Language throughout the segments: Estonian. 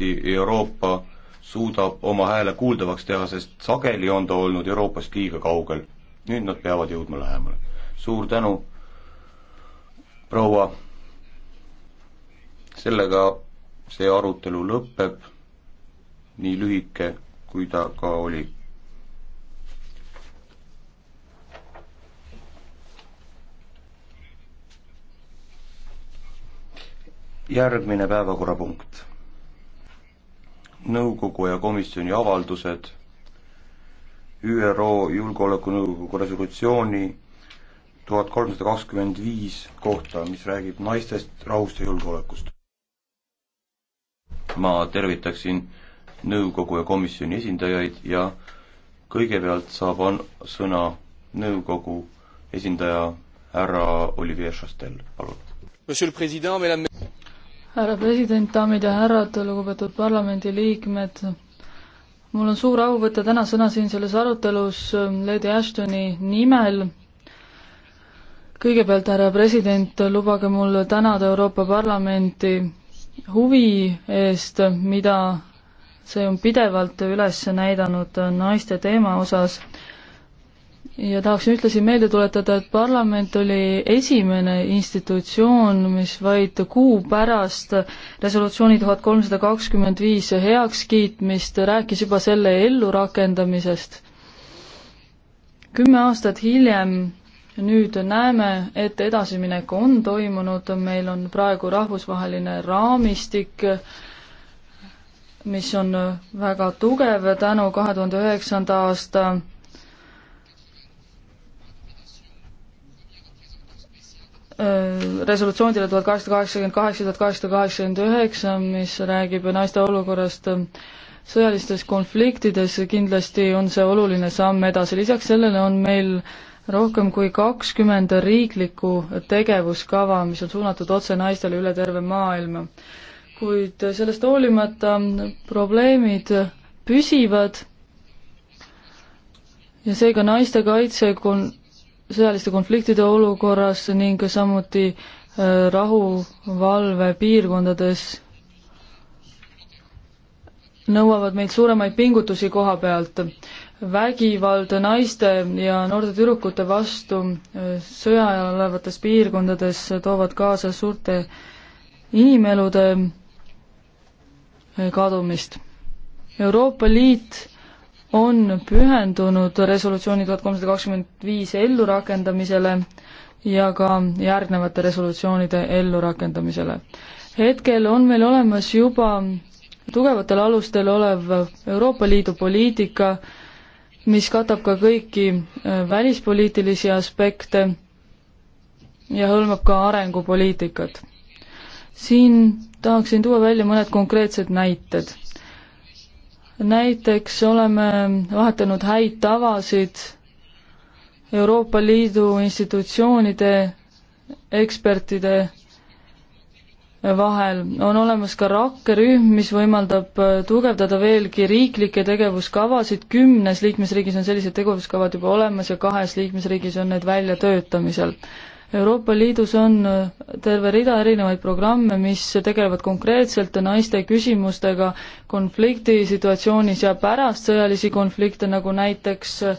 loodetavasti Euroopa suudab oma hääle kuuldavaks teha, sest sageli on ta olnud Euroopast liiga kaugel. nüüd nad peavad jõudma lähemale. suur tänu, proua. sellega see arutelu lõpeb, nii lühike, kui ta ka oli järgmine päevakorrapunkt nõukogu ja komisjoni avaldused, ÜRO Julgeolekunõukogu resolutsiooni tuhat kolmsada kakskümmend viis kohta, mis räägib naistest, rahust ja julgeolekust. ma tervitaksin nõukogu ja komisjoni esindajaid ja kõigepealt saab an-, sõna nõukogu esindaja härra Olivier Chastel, palun härra president, daamid ja härrad, lugupeetud parlamendiliikmed, mul on suur au võtta täna sõna siin selles arutelus ähm, Lady Ashtoni nimel. kõigepealt, härra president, lubage mul tänada Euroopa Parlamenti huvi eest, mida see on pidevalt üles näidanud naiste teema osas ja tahaksin ühtlasi meelde tuletada, et parlament oli esimene institutsioon, mis vaid kuu pärast resolutsiooni tuhat kolmsada kakskümmend viis heakskiitmist rääkis juba selle ellurakendamisest. kümme aastat hiljem nüüd näeme, et edasiminek on toimunud, meil on praegu rahvusvaheline raamistik, mis on väga tugev tänu kahe tuhande üheksanda aasta Äh, resolutsioonidele tuhat kaheksasada kaheksakümmend kaheksa, tuhat kaheksasada kaheksakümmend üheksa, mis räägib naiste olukorrast äh, sõjalistes konfliktides, kindlasti on see oluline samm edasi, lisaks sellele on meil rohkem kui kakskümmend riiklikku tegevuskava, mis on suunatud otse naistele üle terve maailma. kuid sellest hoolimata probleemid püsivad ja seega naiste kaitse kon-, sõjaliste konfliktide olukorras ning samuti äh, rahuvalvepiirkondades nõuavad meilt suuremaid pingutusi koha pealt. vägivald naiste ja noorte tüdrukute vastu äh, sõja ajal olevates piirkondades toovad kaasa suurte inimelude äh, kadumist. Euroopa Liit on pühendunud resolutsiooni tuhat kolmsada kakskümmend viis ellurakendamisele ja ka järgnevate resolutsioonide ellurakendamisele. hetkel on meil olemas juba tugevatel alustel olev Euroopa Liidu poliitika, mis katab ka kõiki äh, välispoliitilisi aspekte ja hõlmab ka arengupoliitikat. siin tahaksin tuua välja mõned konkreetsed näited näiteks oleme vahetanud häid tavasid Euroopa Liidu institutsioonide ekspertide vahel. on olemas ka rakkerühm, mis võimaldab tugevdada veelgi riiklikke tegevuskavasid, kümnes liikmesriigis on sellised tegevuskavad juba olemas ja kahes liikmesriigis on need väljatöötamisel. Euroopa Liidus on äh, terve rida erinevaid programme, mis tegelevad konkreetselt naiste küsimustega konfliktisituatsioonis ja pärast sõjalisi konflikte, nagu näiteks äh,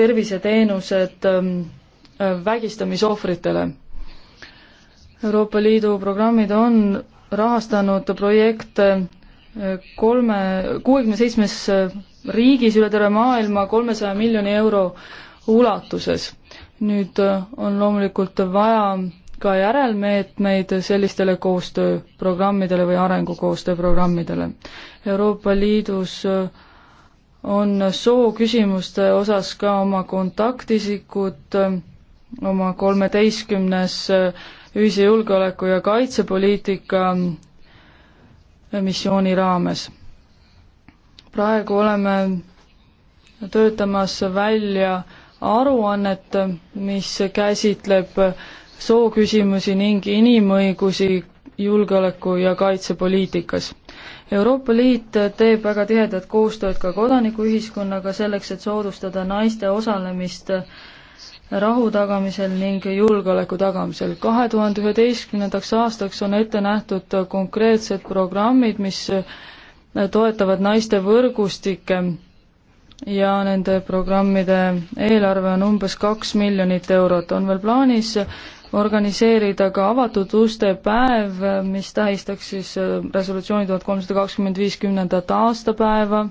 terviseteenused ähm, äh, vägistamisohvritele. Euroopa Liidu programmid on rahastanud projekte kolme, kuuekümne seitsmes riigis üle terve maailma kolmesaja miljoni euro ulatuses nüüd äh, on loomulikult vaja ka järelmeetmeid sellistele koostööprogrammidele või arengukoostööprogrammidele. Euroopa Liidus äh, on sooküsimuste osas ka oma kontaktisikud, äh, oma kolmeteistkümnes ühise julgeoleku- ja kaitsepoliitika missiooni raames. praegu oleme töötamas välja aruannet, mis käsitleb sooküsimusi ning inimõigusi julgeoleku- ja kaitsepoliitikas. Euroopa Liit teeb väga tihedat koostööd ka kodanikuühiskonnaga selleks, et soodustada naiste osalemist rahu tagamisel ning julgeoleku tagamisel. kahe tuhande üheteistkümnendaks aastaks on ette nähtud konkreetsed programmid, mis toetavad naiste võrgustikke ja nende programmide eelarve on umbes kaks miljonit eurot. on veel plaanis organiseerida ka avatud uste päev, mis tähistaks siis äh, resolutsiooni tuhat kolmsada kakskümmend viis kümnendat aastapäeva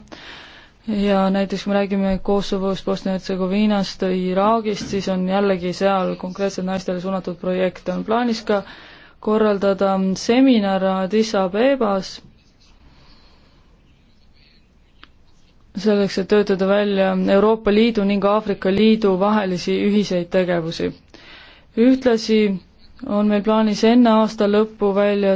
ja näiteks me räägime Kosovost, Bosnia-Hertsegoviinast, Iraagist, siis on jällegi seal konkreetselt naistele suunatud projekte, on plaanis ka korraldada seminar Addis Abebas selleks, et töötada välja Euroopa Liidu ning Aafrika Liidu vahelisi ühiseid tegevusi. ühtlasi on meil plaanis enne aasta lõppu välja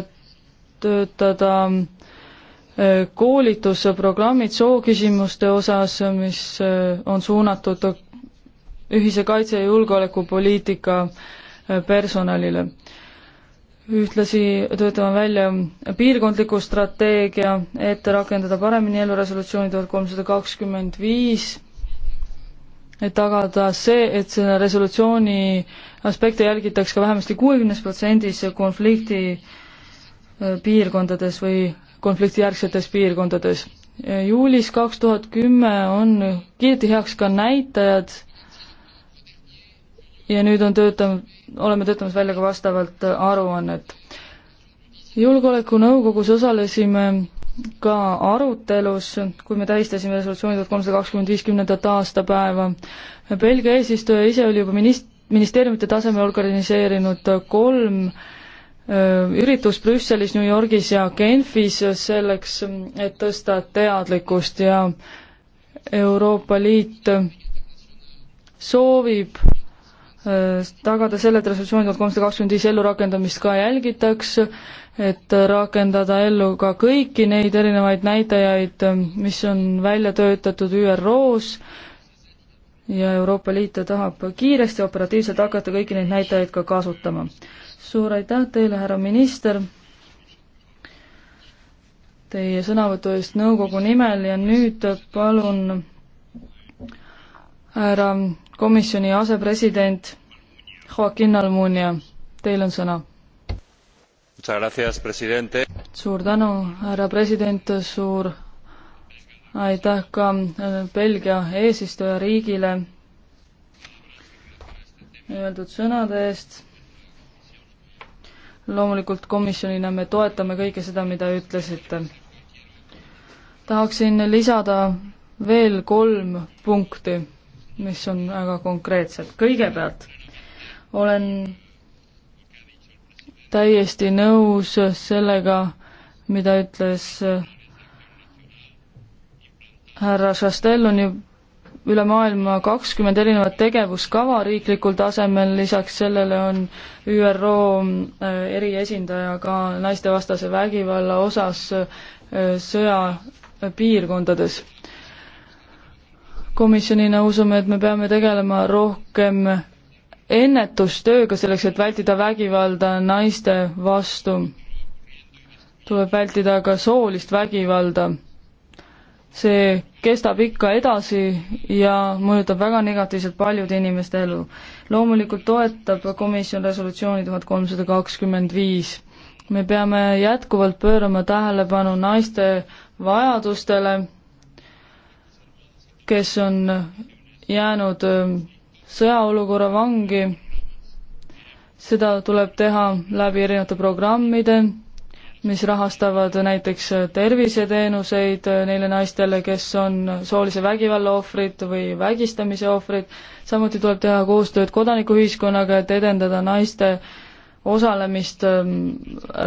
töötada äh, koolitusprogrammid sooküsimuste osas, mis äh, on suunatud ühise kaitse- ja julgeolekupoliitika äh, personalile ühtlasi töötame välja piirkondliku strateegia, et rakendada paremini elluresolutsiooni tuhat kolmsada kakskümmend viis, et tagada see, et selle resolutsiooni aspekte jälgitaks ka vähemasti kuuekümnes protsendis konflikti äh, piirkondades või konfliktijärgsetes piirkondades. juulis kaks tuhat kümme on kiideti heaks ka näitajad ja nüüd on töötanud, oleme töötamas välja ka vastavalt äh, aruannet. julgeolekunõukogus osalesime ka arutelus, kui me tähistasime resolutsiooni tuhat kolmsada kakskümmend viis kümnendat aastapäeva. Belgia eesistuja ise oli juba minist-, ministeeriumite tasemel organiseerinud kolm äh, üritus Brüsselis, New Yorgis ja Genfis selleks, et tõsta teadlikkust ja Euroopa Liit soovib tagada selle, et resolutsioon tuhat kolmsada kakskümmend viis ellurakendamist ka jälgitaks, et rakendada ellu ka kõiki neid erinevaid näitajaid, mis on välja töötatud ÜRO-s ja Euroopa Liit tahab kiiresti ja operatiivselt hakata kõiki neid näitajaid ka kasutama. suur aitäh teile, härra minister, teie sõnavõtu eest nõukogu nimel ja nüüd palun härra komisjoni asepresident Joaquin Almunia, teil on sõna. suur tänu, härra president, suur aitäh ka äh, Belgia eesistujariigile öeldud sõnade eest. loomulikult komisjonina me toetame kõike seda, mida ütlesite. tahaksin lisada veel kolm punkti mis on väga konkreetsed. kõigepealt olen täiesti nõus sellega, mida ütles äh, härra Šastelloni üle maailma kakskümmend erinevat tegevuskava riiklikul tasemel, lisaks sellele on ÜRO äh, eriesindaja ka naistevastase vägivalla osas äh, sõjapiirkondades komisjonina usume, et me peame tegelema rohkem ennetustööga selleks, et vältida vägivalda naiste vastu. tuleb vältida ka soolist vägivalda. see kestab ikka edasi ja mõjutab väga negatiivselt paljude inimeste elu. loomulikult toetab komisjon resolutsiooni tuhat kolmsada kakskümmend viis. me peame jätkuvalt pöörama tähelepanu naiste vajadustele kes on jäänud ähm, sõjaolukorra vangi, seda tuleb teha läbi erinevate programmide, mis rahastavad näiteks terviseteenuseid äh, neile naistele, kes on soolise vägivalla ohvrid või vägistamise ohvrid, samuti tuleb teha koostööd kodanikuühiskonnaga, et edendada naiste osalemist ähm,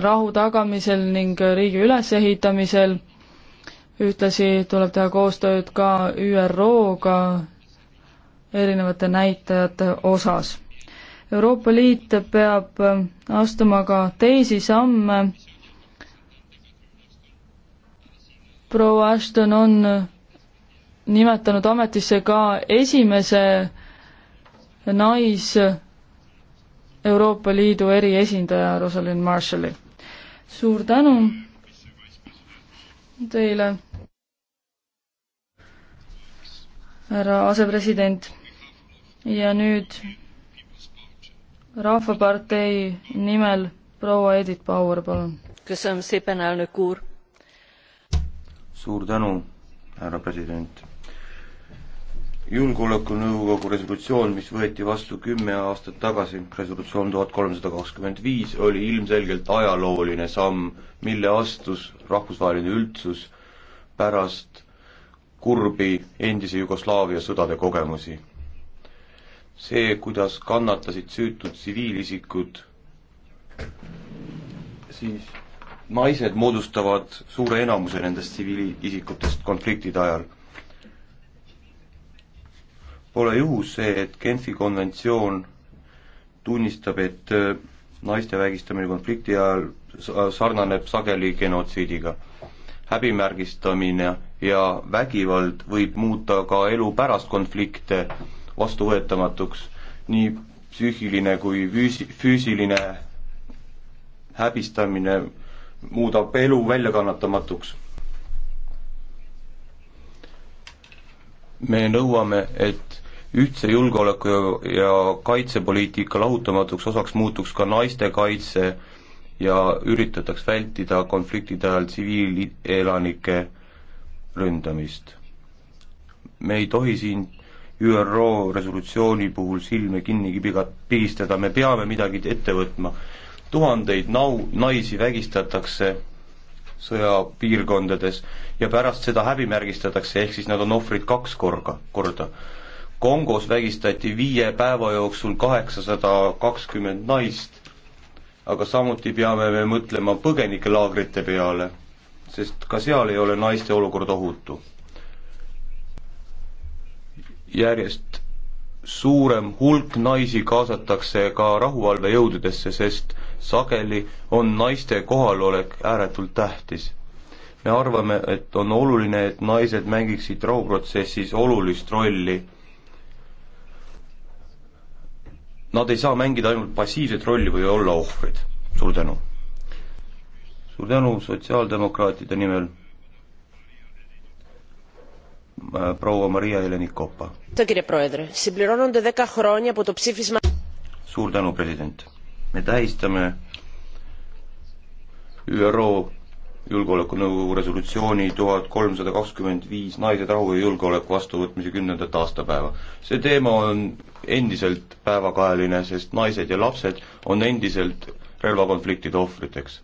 rahu tagamisel ning riigi ülesehitamisel ühtlasi tuleb teha koostööd ka ÜRO-ga erinevate näitajate osas. Euroopa Liit peab astuma ka teisi samme. proua Ashton on nimetanud ametisse ka esimese nais Euroopa Liidu eriesindaja Rosalind Marshalli. suur tänu teile, härra asepresident. ja nüüd Rahvapartei nimel proua Edith Bauer, palun. suur tänu, härra president julgeolekunõukogu resolutsioon, mis võeti vastu kümme aastat tagasi, resolutsioon tuhat kolmsada kakskümmend viis, oli ilmselgelt ajalooline samm, mille astus rahvusvaheline üldsus pärast kurbi endise Jugoslaavia sõdade kogemusi. see, kuidas kannatasid süütud tsiviilisikud, siis naised moodustavad suure enamuse nendest tsiviilisikutest konfliktide ajal Pole juhus see, et Genfi konventsioon tunnistab, et äh, naiste vägistamine konflikti ajal sarnaneb sageli genotsiidiga. häbimärgistamine ja vägivald võib muuta ka elu pärast konflikte vastuvõetamatuks, nii psüühiline kui füüsi-, füüsiline häbistamine muudab elu väljakannatamatuks me nõuame, et ühtse julgeoleku ja, ja kaitsepoliitika lahutamatuks osaks muutuks ka naiste kaitse ja üritataks vältida konfliktide ajal tsiviilelanike ründamist. me ei tohi siin ÜRO resolutsiooni puhul silme kinni piga-, pigistada, me peame midagi ette võtma. tuhandeid nau-, naisi vägistatakse sõjapiirkondades ja pärast seda häbimärgistatakse, ehk siis nad on ohvrid kaks korga, korda Kongos vägistati viie päeva jooksul kaheksasada kakskümmend naist, aga samuti peame me mõtlema põgenikelaagrite peale, sest ka seal ei ole naiste olukord ohutu. järjest suurem hulk naisi kaasatakse ka rahuvalvejõududesse, sest sageli on naiste kohalolek ääretult tähtis. me arvame, et on oluline, et naised mängiksid rahuprotsessis olulist rolli nad ei saa mängida ainult passiivset rolli või olla ohvrid. suur tänu. suur tänu sotsiaaldemokraatide nimel. Äh, proua Maria Heleni Kopa. suur tänu, president. me tähistame ÜRO julgeolekunõukogu resolutsiooni tuhat kolmsada kakskümmend viis naised rahu ja julgeoleku vastuvõtmise kümnendat aastapäeva. see teema on endiselt päevakajaline, sest naised ja lapsed on endiselt relvakonfliktide ohvriteks.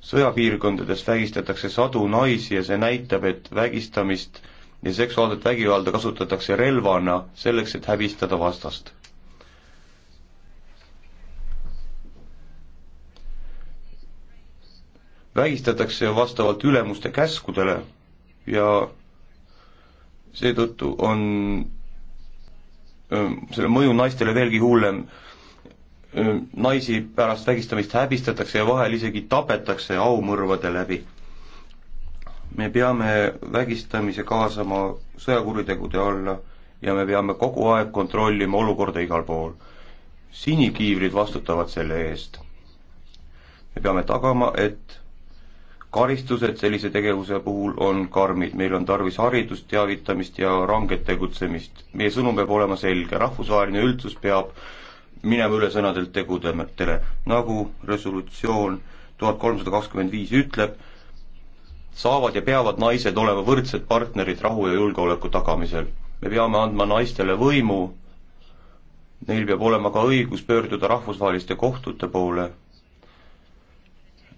sõjapiirkondades vägistatakse sadu naisi ja see näitab, et vägistamist ja seksuaalset vägivalda kasutatakse relvana selleks, et häbistada vastast vägistatakse vastavalt ülemuste käskudele ja seetõttu on ähm, selle mõju naistele veelgi hullem. Ähm, naisi pärast vägistamist häbistatakse ja vahel isegi tapetakse aumõrvade läbi. me peame vägistamise kaasama sõjakuritegude alla ja me peame kogu aeg kontrollima olukorda igal pool. sinikiivrid vastutavad selle eest. me peame tagama, et karistused sellise tegevuse puhul on karmid, meil on tarvis haridust, teavitamist ja ranget tegutsemist. meie sõnum peab olema selge, rahvusvaheline üldsus peab minema üle sõnadelt tegudele, nagu resolutsioon tuhat kolmsada kakskümmend viis ütleb, saavad ja peavad naised olema võrdsed partnerid rahu ja julgeoleku tagamisel. me peame andma naistele võimu, neil peab olema ka õigus pöörduda rahvusvaheliste kohtute poole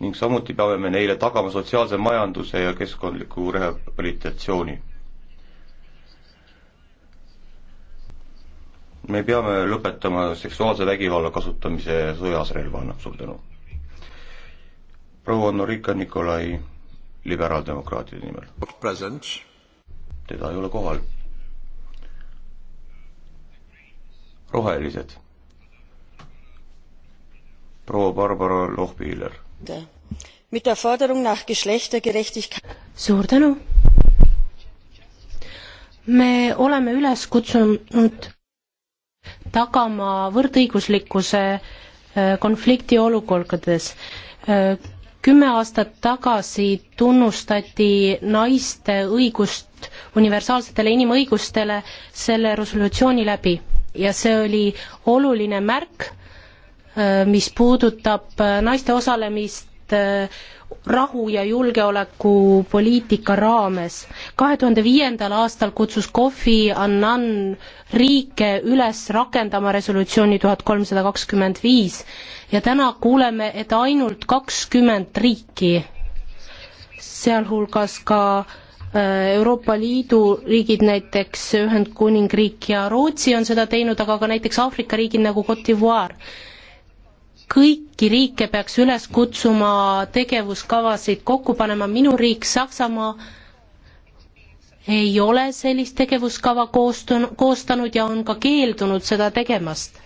ning samuti peame me neile tagama sotsiaalse majanduse ja keskkondliku rehabilitatsiooni. me peame lõpetama seksuaalse vägivalla kasutamise sõjas relvana, suur tänu. proua Norika Nikolai liberaaldemokraatide nimel. teda ei ole kohal. rohelised. proua Barbara Lohbihiller mit der Forderung nach Geschlechtergerechtigkeit. suur tänu. me oleme üles kutsunud tagama võrdõiguslikkuse äh, konflikti olukordades. Äh, kümme aastat tagasi tunnustati naiste õigust universaalsetele inimõigustele selle resolutsiooni läbi ja see oli oluline märk Äh, mis puudutab äh, naiste osalemist äh, rahu- ja julgeolekupoliitika raames. kahe tuhande viiendal aastal kutsus Kofi Annan riike üles rakendama resolutsiooni tuhat kolmsada kakskümmend viis ja täna kuuleme, et ainult kakskümmend riiki, sealhulgas ka Euroopa Liidu riigid, näiteks Ühendkuningriik ja Rootsi on seda teinud, aga ka näiteks Aafrika riigid nagu Cote d'Ivoire kõiki riike peaks üles kutsuma tegevuskavasid kokku panema, minu riik Saksamaa ei ole sellist tegevuskava koostun-, koostanud ja on ka keeldunud seda tegemast.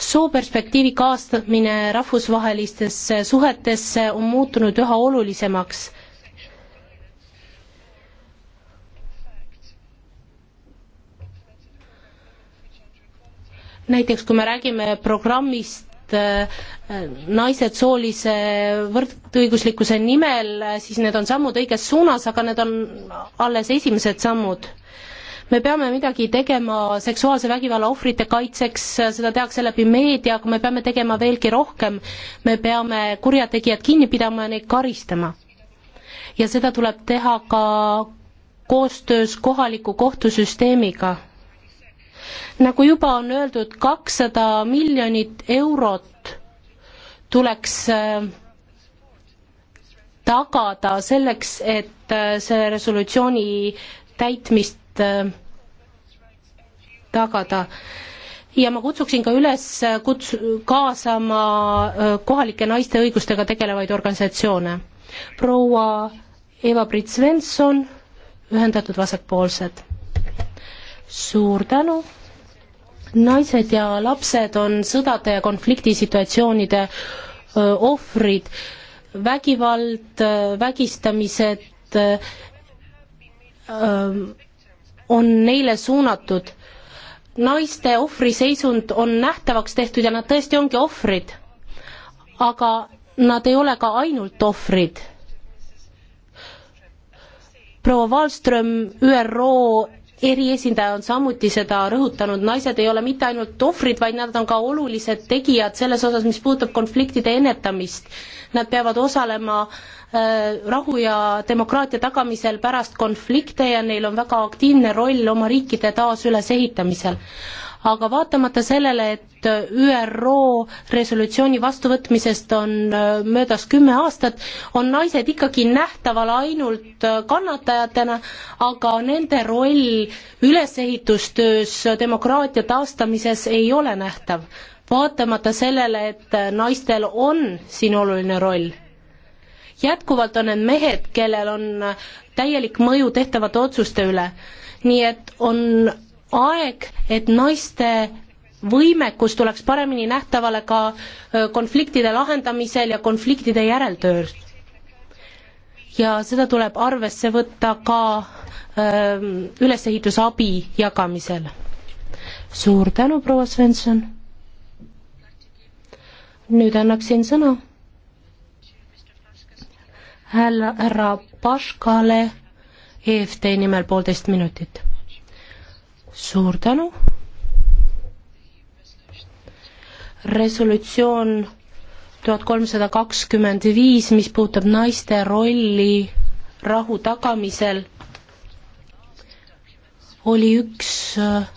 sooperspektiivi kaastamine rahvusvahelistesse suhetesse on muutunud üha olulisemaks näiteks kui me räägime programmist võitlevad äh, naised soolise võrdõiguslikkuse nimel, äh, siis need on sammud õiges suunas, aga need on alles esimesed sammud me peame midagi tegema seksuaalse vägivalla ohvrite kaitseks, äh, seda tehakse läbi meedia, aga me peame tegema veelgi rohkem. me peame kurjategijad kinni pidama ja neid karistama. ja seda tuleb teha ka koostöös kohaliku kohtusüsteemiga nagu juba on öeldud, kakssada miljonit eurot tuleks äh, tagada selleks, et äh, see resolutsiooni täitmist äh, tagada. ja ma kutsuksin ka üles kuts-, kaasama kohalike naiste õigustega tegelevaid organisatsioone. proua Eva-Brit Svensson, Ühendatud Vasakpoolsed. suur tänu naised ja lapsed on sõdade ja konfliktisituatsioonide ohvrid, vägivald, vägistamised on neile suunatud. naiste ohvriseisund on nähtavaks tehtud ja nad tõesti ongi ohvrid, aga nad ei ole ka ainult ohvrid proua Wallström, ÜRO eriesindaja on samuti seda rõhutanud, naised ei ole mitte ainult ohvrid, vaid nad on ka olulised tegijad selles osas, mis puudutab konfliktide ennetamist. Nad peavad osalema äh, rahu ja demokraatia tagamisel pärast konflikte ja neil on väga aktiivne roll oma riikide taasülesehitamisel aga vaatamata sellele, et ÜRO resolutsiooni vastuvõtmisest on äh, möödas kümme aastat, on naised ikkagi nähtaval ainult äh, kannatajatena, aga nende roll ülesehitustöös, demokraatia taastamises ei ole nähtav. vaatamata sellele, et äh, naistel on siin oluline roll jätkuvalt on need mehed, kellel on täielik mõju tehtavate otsuste üle. nii et on aeg, et naiste võimekus tuleks paremini nähtavale ka konfliktide lahendamisel ja konfliktide järeltööl. ja seda tuleb arvesse võtta ka öö, ülesehitusabi jagamisel. suur tänu, proua Svensson. nüüd annaksin sõna härra Paškale EFT nimel poolteist minutit suur tänu. resolutsioon tuhat kolmsada kakskümmend viis, mis puudutab naiste rolli rahu tagamisel, oli üks äh,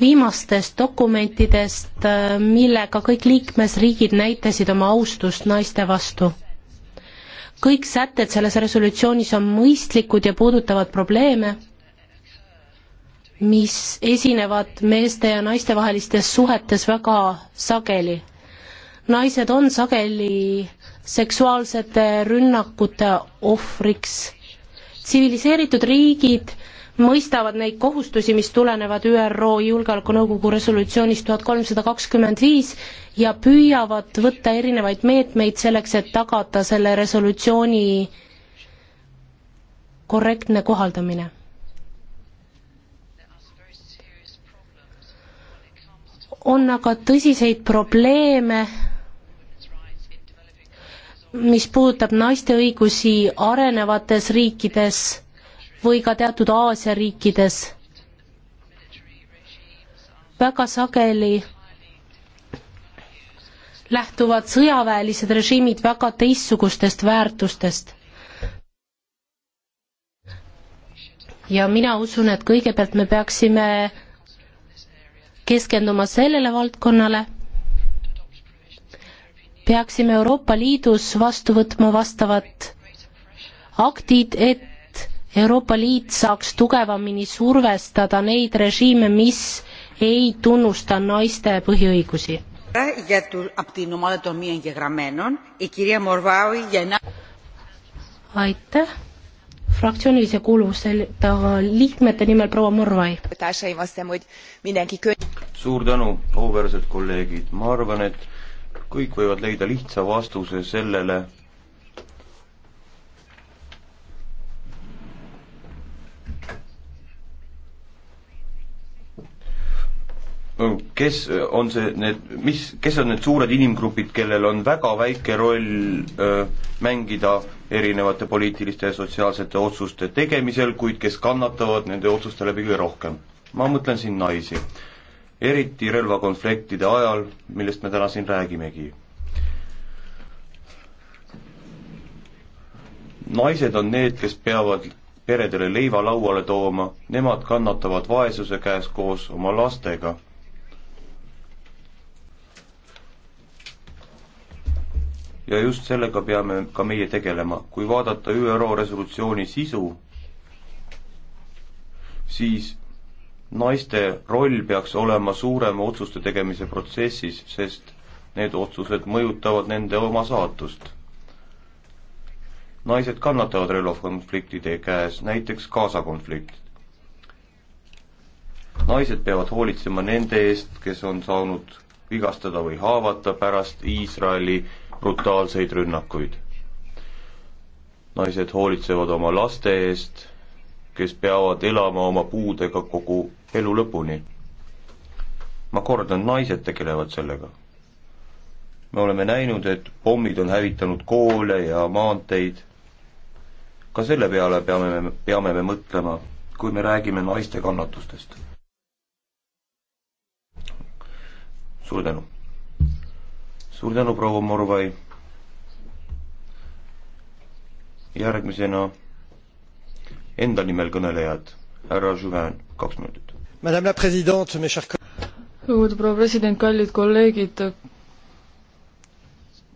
viimastest dokumentidest, äh, millega kõik liikmesriigid näitasid oma austust naiste vastu. kõik sätted selles resolutsioonis on mõistlikud ja puudutavad probleeme, mis esinevad meeste ja naiste vahelistes suhetes väga sageli. naised on sageli seksuaalsete rünnakute ohvriks. tsiviliseeritud riigid mõistavad neid kohustusi, mis tulenevad ÜRO Julgeolekunõukogu resolutsioonist tuhat kolmsada kakskümmend viis ja püüavad võtta erinevaid meetmeid selleks, et tagada selle resolutsiooni korrektne kohaldamine on aga tõsiseid probleeme, mis puudutab naiste õigusi arenevates riikides või ka teatud Aasia riikides. väga sageli lähtuvad sõjaväelised režiimid väga teistsugustest väärtustest. ja mina usun, et kõigepealt me peaksime keskenduma sellele valdkonnale, peaksime Euroopa Liidus vastu võtma vastavad aktid, et Euroopa Liit saaks tugevamini survestada neid režiime, mis ei tunnusta naiste põhiõigusi. aitäh fraktsioonilise kuuluvuseta liikmete nimel proua Morvai. suur tänu, auväärsed kolleegid, ma arvan, et kõik võivad leida lihtsa vastuse sellele, kes on see, need, mis, kes on need suured inimgrupid, kellel on väga väike roll öö, äh, mängida öö, erinevate poliitiliste ja sotsiaalsete otsuste tegemisel, kuid kes kannatavad nende otsuste läbi kõige rohkem. ma mõtlen siin naisi, eriti relvakonfliktide ajal, millest me täna siin räägimegi. naised on need, kes peavad peredele leiva lauale tooma, nemad kannatavad vaesuse käes koos oma lastega ja just sellega peame ka meie tegelema. kui vaadata ÜRO resolutsiooni sisu, siis naiste roll peaks olema suurema otsuste tegemise protsessis, sest need otsused mõjutavad nende oma saatust. naised kannatavad relvakonfliktide käes, näiteks Gaza konflikt. naised peavad hoolitsema nende eest, kes on saanud vigastada või haavata pärast Iisraeli brutaalseid rünnakuid. naised hoolitsevad oma laste eest, kes peavad elama oma puudega kogu elu lõpuni. ma kordan, naised tegelevad sellega. me oleme näinud, et pommid on hävitanud koole ja maanteid. ka selle peale peame me, peame me mõtlema, kui me räägime naiste kannatustest. suur tänu! suur tänu, proua Morvai. järgmisena enda nimel kõnelejad, härra Juvin, kaks minutit. Madame la president, mes chers lugupeetud proua president, kallid kolleegid,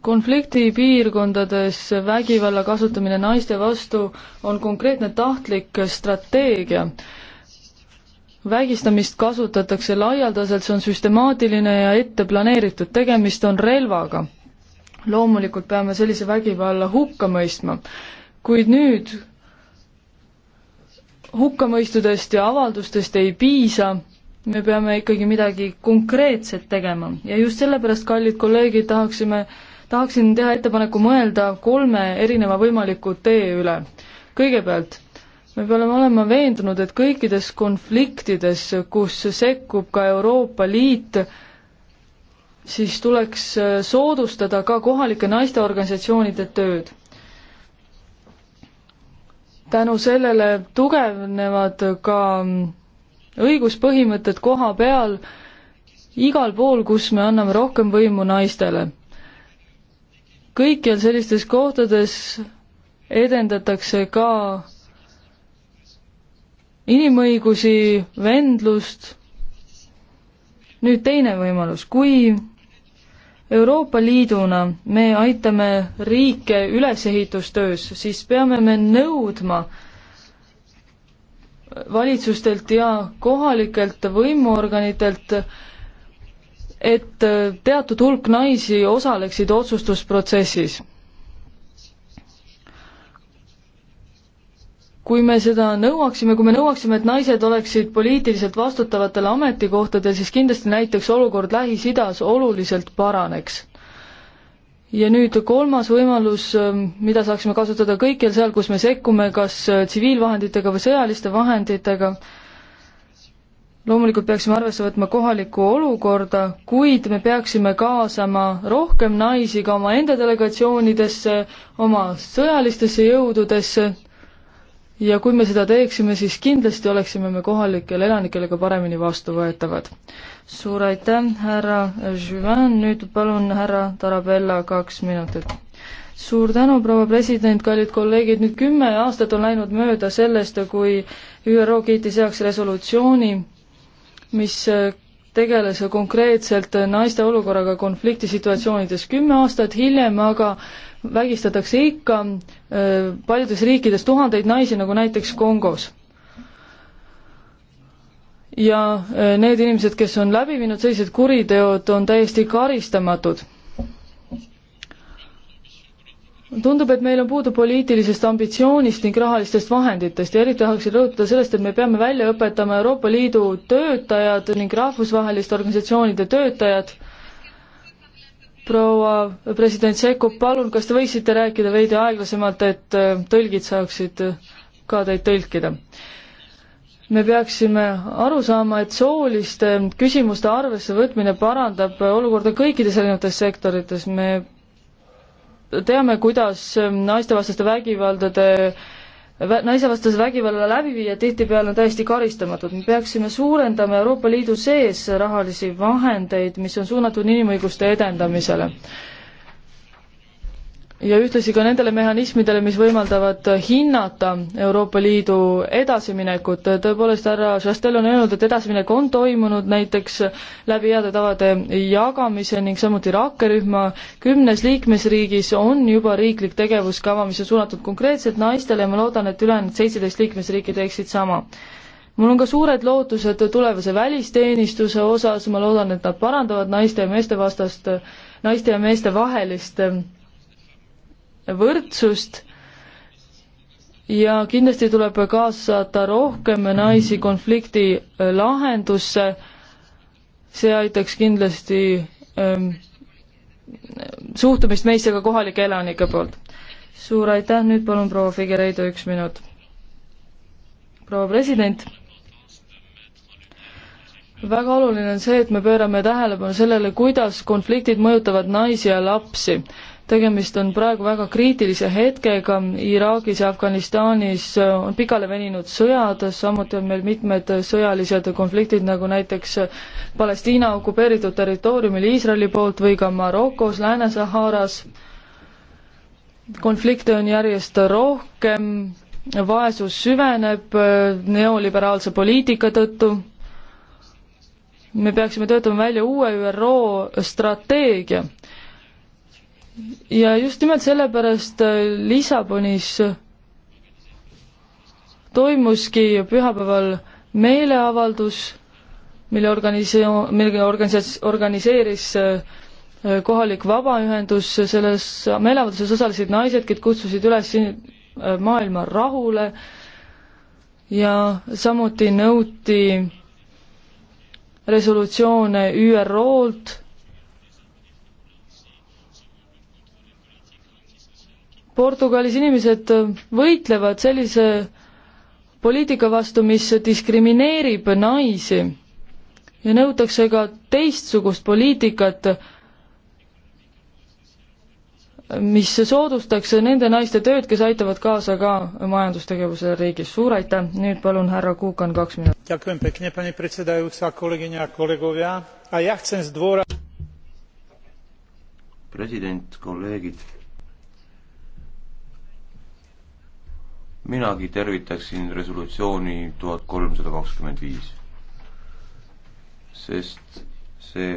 konfliktipiirkondades vägivalla kasutamine naiste vastu on konkreetne tahtlik strateegia vägistamist kasutatakse laialdaselt, see on süstemaatiline ja ette planeeritud, tegemist on relvaga. loomulikult peame sellise vägivalla hukka mõistma, kuid nüüd hukkamõistudest ja avaldustest ei piisa, me peame ikkagi midagi konkreetset tegema ja just sellepärast, kallid kolleegid, tahaksime, tahaksin teha ettepaneku mõelda kolme erineva võimaliku tee üle. kõigepealt me peame olema veendunud, et kõikides konfliktides, kus sekkub ka Euroopa Liit, siis tuleks äh, soodustada ka kohalike naisteorganisatsioonide tööd. tänu sellele tugevnevad ka mm, õiguspõhimõtted koha peal igal pool, kus me anname rohkem võimu naistele. kõikjal sellistes kohtades edendatakse ka inimõigusi, vendlust. nüüd teine võimalus, kui Euroopa Liiduna me aitame riike ülesehitustöös, siis peame me nõudma valitsustelt ja kohalikelt võimuorganitelt, et teatud hulk naisi osaleksid otsustusprotsessis. kui me seda nõuaksime, kui me nõuaksime, et naised oleksid poliitiliselt vastutavatel ametikohtadel, siis kindlasti näiteks olukord Lähis-Idas oluliselt paraneks. ja nüüd kolmas võimalus, ähm, mida saaksime kasutada kõikjal seal, kus me sekkume, kas äh, tsiviilvahenditega või sõjaliste vahenditega, loomulikult peaksime arvesse võtma kohalikku olukorda, kuid me peaksime kaasama rohkem naisi ka omaenda delegatsioonidesse, oma sõjalistesse jõududesse ja kui me seda teeksime, siis kindlasti oleksime me kohalikele elanikele ka paremini vastuvõetavad. suur aitäh, härra Juvin, nüüd palun härra Tarabella kaks minutit. suur tänu, proua president, kallid kolleegid, nüüd kümme aastat on läinud mööda sellest, kui ÜRO kiitis heaks resolutsiooni, mis tegeles konkreetselt naiste olukorraga konfliktisituatsioonides. kümme aastat hiljem aga äh, vägistatakse ikka paljudes riikides tuhandeid naisi, nagu näiteks Kongos. ja need inimesed, kes on läbi viinud sellised kuriteod, on täiesti karistamatud. tundub, et meil on puudu poliitilisest ambitsioonist ning rahalistest vahenditest ja eriti tahaksin rõhutada sellest, et me peame välja õpetama Euroopa Liidu töötajad ning rahvusvaheliste organisatsioonide töötajad proua president Sekkub, palun, kas te võiksite rääkida veidi aeglasemalt, et äh, tõlgid saaksid äh, ka teid tõlkida? me peaksime aru saama, et sooliste äh, küsimuste arvesse võtmine parandab olukorda kõikides erinevates sektorites, me teame, kuidas naistevastaste vägivaldade naisevastase vägivalla läbiviijad tihtipeale on täiesti karistamatud. me peaksime suurendama Euroopa Liidu sees rahalisi vahendeid, mis on suunatud inimõiguste edendamisele ja ühtlasi ka nendele mehhanismidele, mis võimaldavad hinnata Euroopa Liidu edasiminekut. tõepoolest, härra Šastel on öelnud, et edasiminek on toimunud näiteks läbi heade tavade jagamise ning samuti rakkerühma. kümnes liikmesriigis on juba riiklik tegevuskava, mis on suunatud konkreetselt naistele ja ma loodan, et ülejäänud seitseteist liikmesriiki teeksid sama mul on ka suured lootused tulevase välisteenistuse osas, ma loodan, et nad parandavad naiste ja meeste vastast, naiste ja meeste vahelist võrdsust ja kindlasti tuleb kaasata rohkem naisi konflikti äh, lahendusse, see aitaks kindlasti ähm, suhtumist meisse ka kohalike elanike poolt. suur aitäh, nüüd palun proua Figueiredo üks minut. proua president, väga oluline on see, et me pöörame tähelepanu sellele, kuidas konfliktid mõjutavad naisi ja lapsi tegemist on praegu väga kriitilise hetkega, Iraagis ja Afganistanis on pikale veninud sõjad, samuti on meil mitmed sõjalised konfliktid, nagu näiteks Palestiina okupeeritud territooriumil Iisraeli poolt või ka Marokos, Lääne-Saharas. konflikte on järjest rohkem, vaesus süveneb neoliberaalse poliitika tõttu me peaksime töötama välja uue ÜRO strateegia ja just nimelt sellepärast äh, Lissabonis toimuski pühapäeval meeleavaldus, mille organise-, mille organise-, organiseeris äh, kohalik vabaühendus, selles meeleavalduses osalesid naised, kes kutsusid üles äh, maailma rahule ja samuti nõuti resolutsioone ÜRO-lt Portugalis inimesed äh, võitlevad sellise poliitika vastu, mis diskrimineerib naisi ja nõutakse ka teistsugust poliitikat, mis soodustaks nende naiste tööd, kes aitavad kaasa ka majandustegevusele riigis. suur aitäh, nüüd palun härra Kukan kaks minutit. president, kolleegid minagi tervitaksin resolutsiooni tuhat kolmsada kakskümmend viis, sest see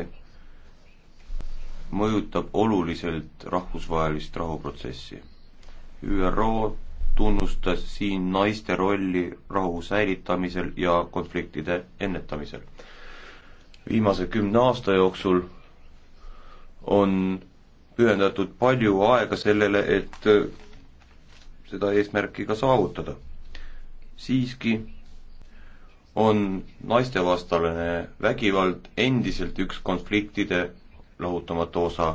mõjutab oluliselt rahvusvahelist rahuprotsessi. ÜRO tunnustas siin naiste rolli rahu säilitamisel ja konfliktide ennetamisel. viimase kümne aasta jooksul on pühendatud palju aega sellele, et seda eesmärki ka saavutada. siiski on naistevastane vägivald endiselt üks konfliktide lahutamatu osa.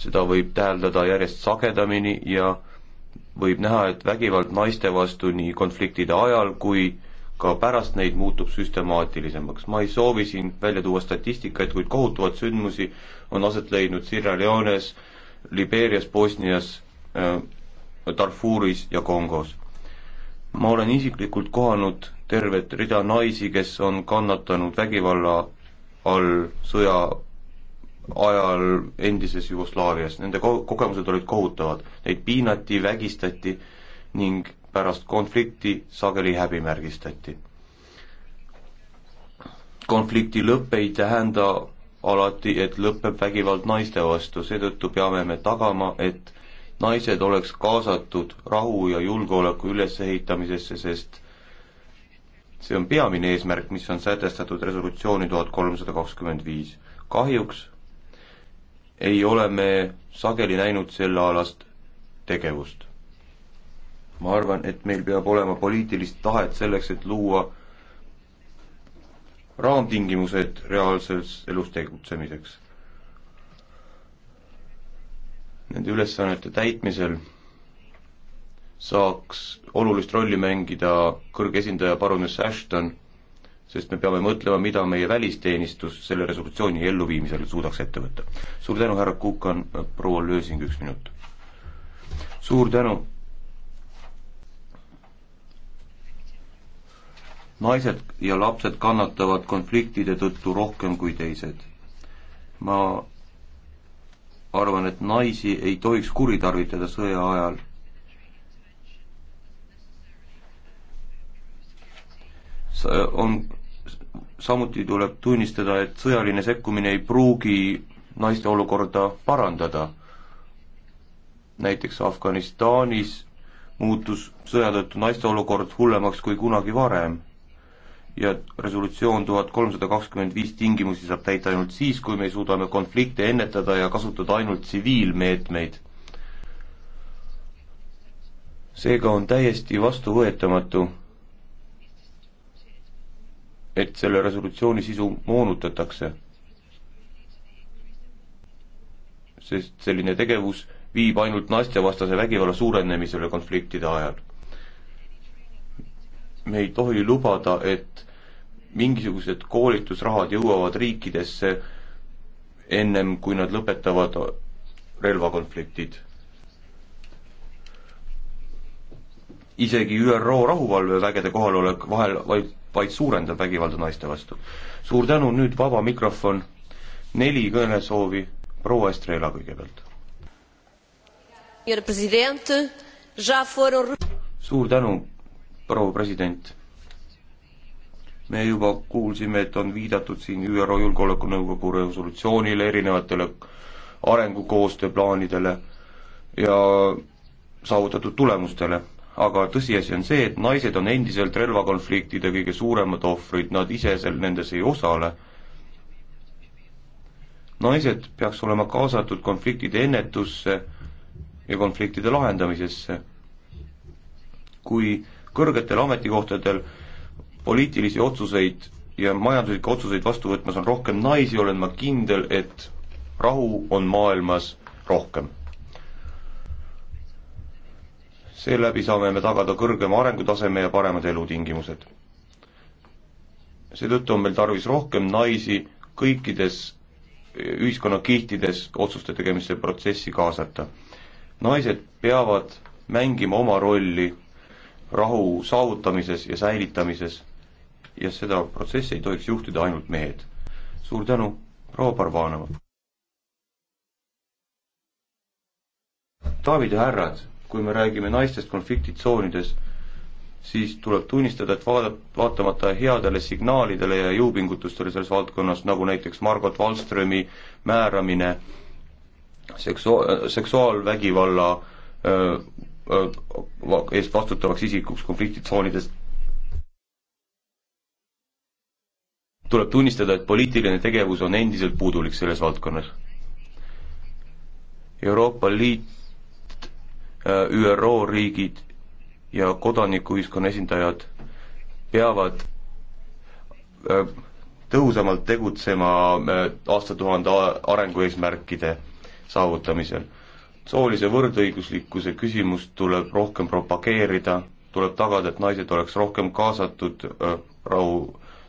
seda võib täheldada järjest sagedamini ja võib näha, et vägivald naiste vastu nii konfliktide ajal kui ka pärast neid muutub süstemaatilisemaks. ma ei soovi siin välja tuua statistikaid, kuid kohutavad sündmusi on aset leidnud Sierra Leones, Libeerias, Bosnias äh,, Darfuris ja Kongos. ma olen isiklikult kohanud tervet rida naisi, kes on kannatanud vägivalla all sõja ajal endises Jugoslaavias, nende ko-, kogemused olid kohutavad. Neid piinati, vägistati ning pärast konflikti sageli häbimärgistati. konflikti lõpp ei tähenda alati, et lõpeb vägivald naiste vastu, seetõttu peame me tagama, et naised oleks kaasatud rahu ja julgeoleku ülesehitamisesse, sest see on peamine eesmärk, mis on sätestatud resolutsiooni tuhat kolmsada kakskümmend viis. kahjuks ei ole me sageli näinud sellealast tegevust. ma arvan, et meil peab olema poliitilist tahet selleks, et luua raamtingimused reaalses elus tegutsemiseks nende ülesannete täitmisel saaks olulist rolli mängida kõrge esindaja paruness Ashton, sest me peame mõtlema, mida meie välisteenistus selle resolutsiooni elluviimisel suudaks ette võtta. suur tänu, härra Kukan, proua Lösing, üks minut. suur tänu. naised ja lapsed kannatavad konfliktide tõttu rohkem kui teised. ma arvan, et naisi ei tohiks kuritarvitada sõja ajal. on, samuti tuleb tunnistada, et sõjaline sekkumine ei pruugi naiste olukorda parandada. näiteks Afganistanis muutus sõja tõttu naiste olukord hullemaks kui kunagi varem ja resolutsioon tuhat kolmsada kakskümmend viis tingimusi saab täita ainult siis, kui me suudame konflikte ennetada ja kasutada ainult tsiviilmeetmeid. seega on täiesti vastuvõetamatu, et selle resolutsiooni sisu moonutatakse. sest selline tegevus viib ainult naistevastase vägivalla suurenemisele konfliktide ajal me ei tohi lubada, et mingisugused koolitusrahad jõuavad riikidesse ennem, kui nad lõpetavad relvakonfliktid. isegi ÜRO rahuvalvevägede kohalolek vahel vaid, vaid suurendab vägivalda naiste vastu. suur tänu, nüüd vaba mikrofon, neli kõnesoovi, proua Estrela kõigepealt. suur tänu, proua president, me juba kuulsime, et on viidatud siin ÜRO Julgeolekunõukogu resolutsioonile, erinevatele arengukoostööplaanidele ja saavutatud tulemustele. aga tõsiasi on see, et naised on endiselt relvakonfliktide kõige suuremad ohvrid, nad ise seal nendes ei osale. naised peaks olema kaasatud konfliktide ennetusse ja konfliktide lahendamisesse. kui kõrgetel ametikohtadel poliitilisi otsuseid ja majanduslikke otsuseid vastu võtmas on rohkem naisi, olen ma kindel, et rahu on maailmas rohkem. seeläbi saame me tagada kõrgema arengutaseme ja paremad elutingimused. seetõttu on meil tarvis rohkem naisi kõikides e, ühiskonnakihtides otsuste tegemisse protsessi kaasata. naised peavad mängima oma rolli rahu saavutamises ja säilitamises ja seda protsessi ei tohiks juhtida ainult mehed. suur tänu, proua Barbanova! daamid ja härrad, kui me räägime naistest konfliktitsoonides, siis tuleb tunnistada, et vaada, vaatamata headele signaalidele ja jõupingutustele selles valdkonnas, nagu näiteks Margot Wallströmi määramine seksu-, seksuaalvägivalla öö, Äh, eest vastutavaks isikuks konfliktitsoonides. tuleb tunnistada, et poliitiline tegevus on endiselt puudulik selles valdkonnas. Euroopa Liit, äh, ÜRO riigid ja kodanikuühiskonna esindajad peavad äh, tõhusamalt tegutsema aastatuhande arengueesmärkide saavutamisel soolise võrdõiguslikkuse küsimust tuleb rohkem propageerida, tuleb tagada, et naised oleks rohkem kaasatud äh, rahu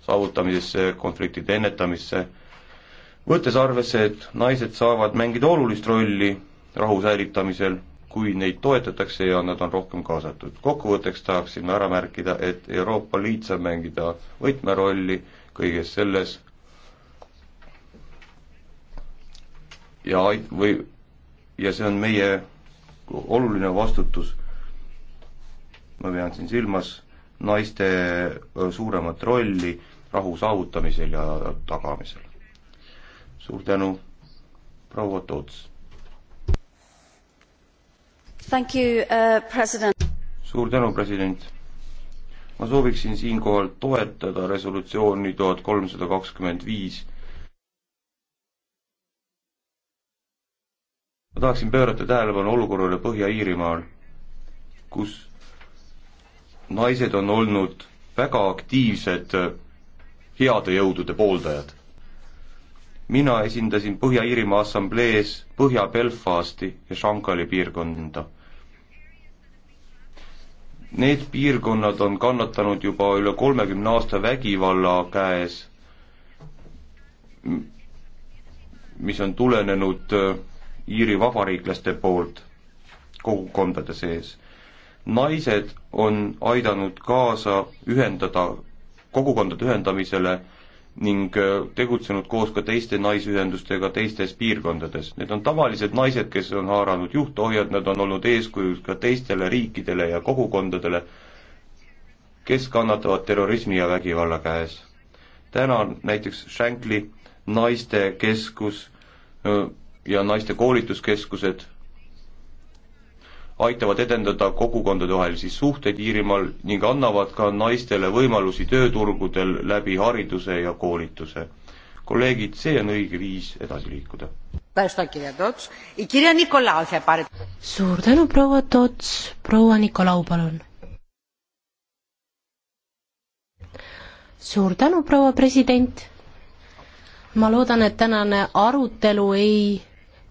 saavutamisesse, konfliktide ennetamisse, võttes arvesse, et naised saavad mängida olulist rolli rahu säilitamisel, kui neid toetatakse ja nad on rohkem kaasatud. kokkuvõtteks tahaksin ära märkida, et Euroopa Liit saab mängida võtmerolli kõiges selles ja ait-, või ja see on meie oluline vastutus. ma pean siin silmas naiste suuremat rolli rahu saavutamisel ja tagamisel. suur tänu, proua Toots. Thank you uh,, president. suur tänu, president. ma sooviksin siinkohal toetada resolutsiooni tuhat kolmsada kakskümmend viis ma tahaksin pöörata tähelepanu olukorrale Põhja-Iirimaal, kus naised on olnud väga aktiivsed äh, heade jõudude pooldajad. mina esindasin Põhja-Iirimaa Assamblees Põhja-Belfasti ja Shankali piirkonda. Need piirkonnad on kannatanud juba üle kolmekümne aasta vägivalla käes, mis on tulenenud äh, Iiri vabariiklaste poolt kogukondade sees. naised on aidanud kaasa ühendada, kogukondade ühendamisele ning äh, tegutsenud koos ka teiste naisühendustega teistes piirkondades. Need on tavalised naised, kes on haaranud juhtohjad, nad on olnud eeskujuks ka teistele riikidele ja kogukondadele, kes kannatavad terrorismi ja vägivalla käes. täna on näiteks Shankly naistekeskus äh, ja naiste koolituskeskused aitavad edendada kogukondadevahelisi suhteid Iirimaal ning annavad ka naistele võimalusi tööturgudel läbi hariduse ja koolituse. kolleegid, see on õige viis edasi liikuda. suur tänu, proua Toots, proua Nikolau, palun. suur tänu, proua president. ma loodan, et tänane arutelu ei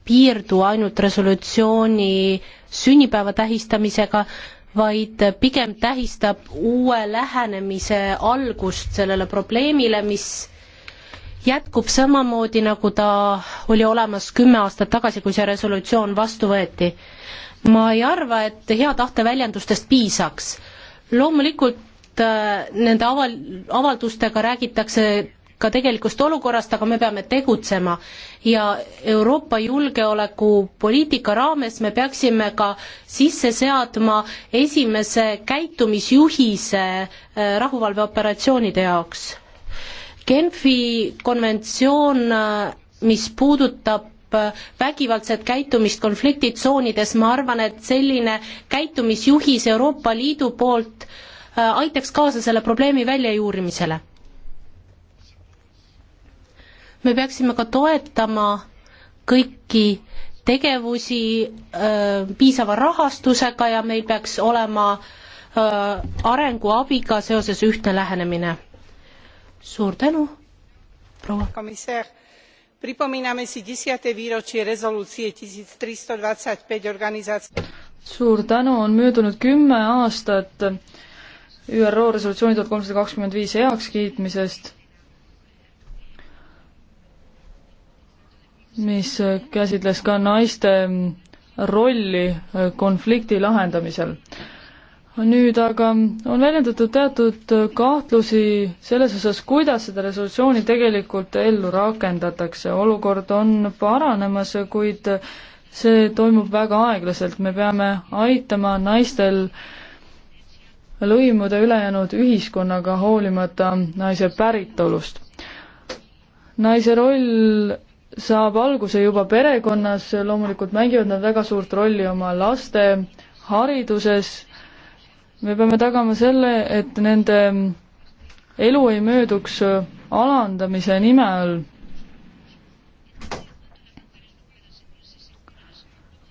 piirdu ainult resolutsiooni sünnipäeva tähistamisega, vaid pigem tähistab uue lähenemise algust sellele probleemile, mis jätkub samamoodi, nagu ta oli olemas kümme aastat tagasi, kui see resolutsioon vastu võeti. ma ei arva, et hea tahte väljendustest piisaks. loomulikult äh, nende aval-, avaldustega räägitakse ka tegelikust olukorrast, aga me peame tegutsema. ja Euroopa julgeolekupoliitika raames me peaksime ka sisse seadma esimese käitumisjuhise äh, rahuvalveoperatsioonide jaoks. Genfi konventsioon, äh, mis puudutab äh, vägivaldset käitumist konfliktitsoonides, ma arvan, et selline käitumisjuhis Euroopa Liidu poolt aitaks kaasa selle probleemi väljajuurimisele me peaksime ka toetama kõiki tegevusi öö, äh, piisava rahastusega ja meil peaks olema öö, äh, arenguabiga seoses ühtne lähenemine. suur tänu, proua. komissar, pripomíname si desiate výročie rezolúcie tuhat trisada dvacet viis organisatsioon. suur tänu, on möödunud kümme aastat ÜRO resolutsiooni tuhat kolmsada kakskümmend viis heakskiitmisest mis käsitles ka naiste rolli konflikti lahendamisel. nüüd aga on väljendatud teatud kahtlusi selles osas, kuidas seda resolutsiooni tegelikult ellu rakendatakse, olukord on paranemas, kuid see toimub väga aeglaselt, me peame aitama naistel lõimuda ülejäänud ühiskonnaga, hoolimata naise päritolust. naise roll saab alguse juba perekonnas, loomulikult mängivad nad väga suurt rolli oma laste hariduses. me peame tagama selle, et nende elu ei mööduks alandamise nime all.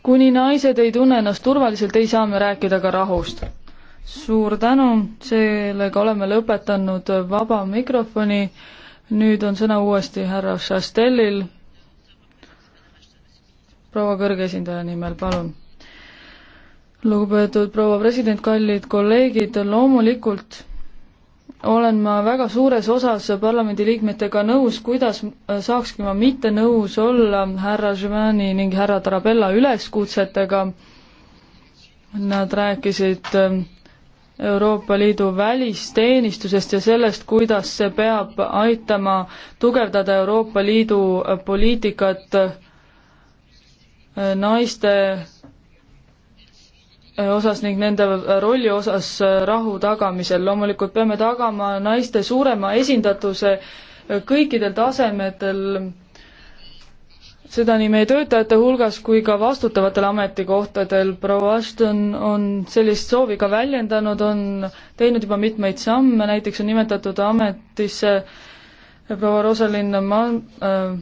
kuni naised ei tunne ennast turvaliselt, ei saa me rääkida ka rahust. suur tänu, sellega oleme lõpetanud vaba mikrofoni. nüüd on sõna uuesti härra Šastelil proua kõrge esindaja nimel, palun. lugupeetud proua president, kallid kolleegid, loomulikult olen ma väga suures osas parlamendiliikmetega nõus, kuidas saakski ma mitte nõus olla härra Živani ning härra Tarabella üleskutsetega. Nad rääkisid ähm, Euroopa Liidu välisteenistusest ja sellest, kuidas see peab aitama tugevdada Euroopa Liidu poliitikat naiste osas ning nende rolli osas rahu tagamisel. loomulikult peame tagama naiste suurema esindatuse kõikidel tasemetel, seda nii meie töötajate hulgas kui ka vastutavatel ametikohtadel. proua Ashton on sellist soovi ka väljendanud, on teinud juba mitmeid samme, näiteks on nimetatud ametisse proua Rosalind Mal- äh,,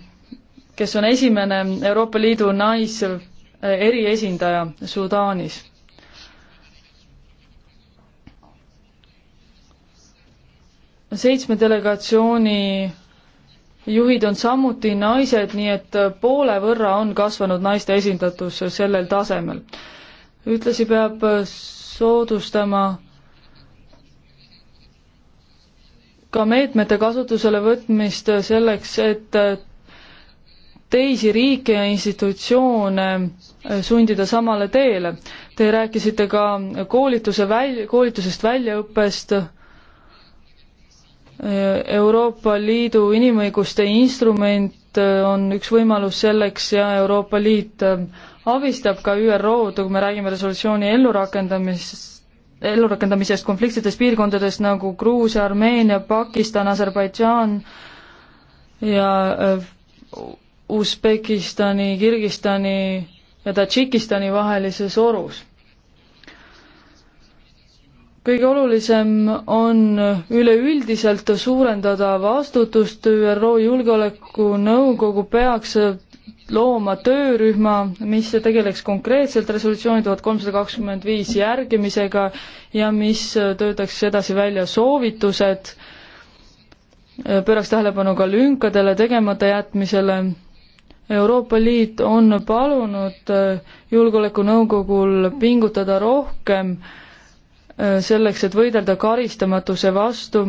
kes on esimene Euroopa Liidu nais- eh, eriesindaja Sudaanis. seitsme delegatsiooni juhid on samuti naised, nii et poole võrra on kasvanud naiste esindatus sellel tasemel. ühtlasi peab soodustama ka meetmete kasutusele võtmist selleks, et teisi riike ja institutsioone eh, sundida samale teele. Te rääkisite ka koolituse väl-, koolitusest, väljaõppest, eh, Euroopa Liidu inimõiguste instrument eh, on üks võimalus selleks ja Euroopa Liit abistab ka ÜRO-d, kui me räägime resolutsiooni ellurakendamisest, ellurakendamisest konfliktsetes piirkondades nagu Gruusia, Armeenia, Pakistan, Aserbaidžaan ja Usbekistani, Kirgistani ja Tadžikistani vahelises orus. kõige olulisem on üleüldiselt suurendada vastutust, ÜRO Julgeolekunõukogu peaks looma töörühma, mis tegeleks konkreetselt resolutsiooni tuhat kolmsada kakskümmend viis järgimisega ja mis töötaks edasi välja soovitused, pööraks tähelepanu ka lünkadele, tegemata jätmisele Euroopa Liit on palunud äh, Julgeolekunõukogul pingutada rohkem äh, selleks, et võidelda karistamatuse vastu.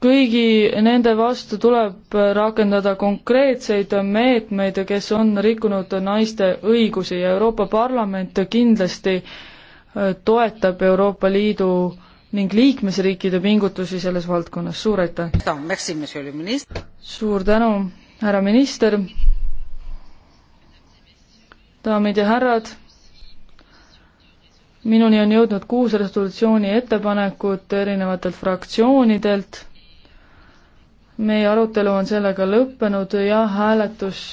kõigi nende vastu tuleb äh, rakendada konkreetseid meetmeid, kes on rikkunud naiste õigusi ja Euroopa Parlament kindlasti toetab Euroopa Liidu ning liikmesriikide pingutusi selles valdkonnas, suur aitäh! suur tänu, härra minister! daamid ja härrad, minuni on jõudnud kuus resolutsiooni ettepanekut erinevatelt fraktsioonidelt, meie arutelu on sellega lõppenud ja hääletus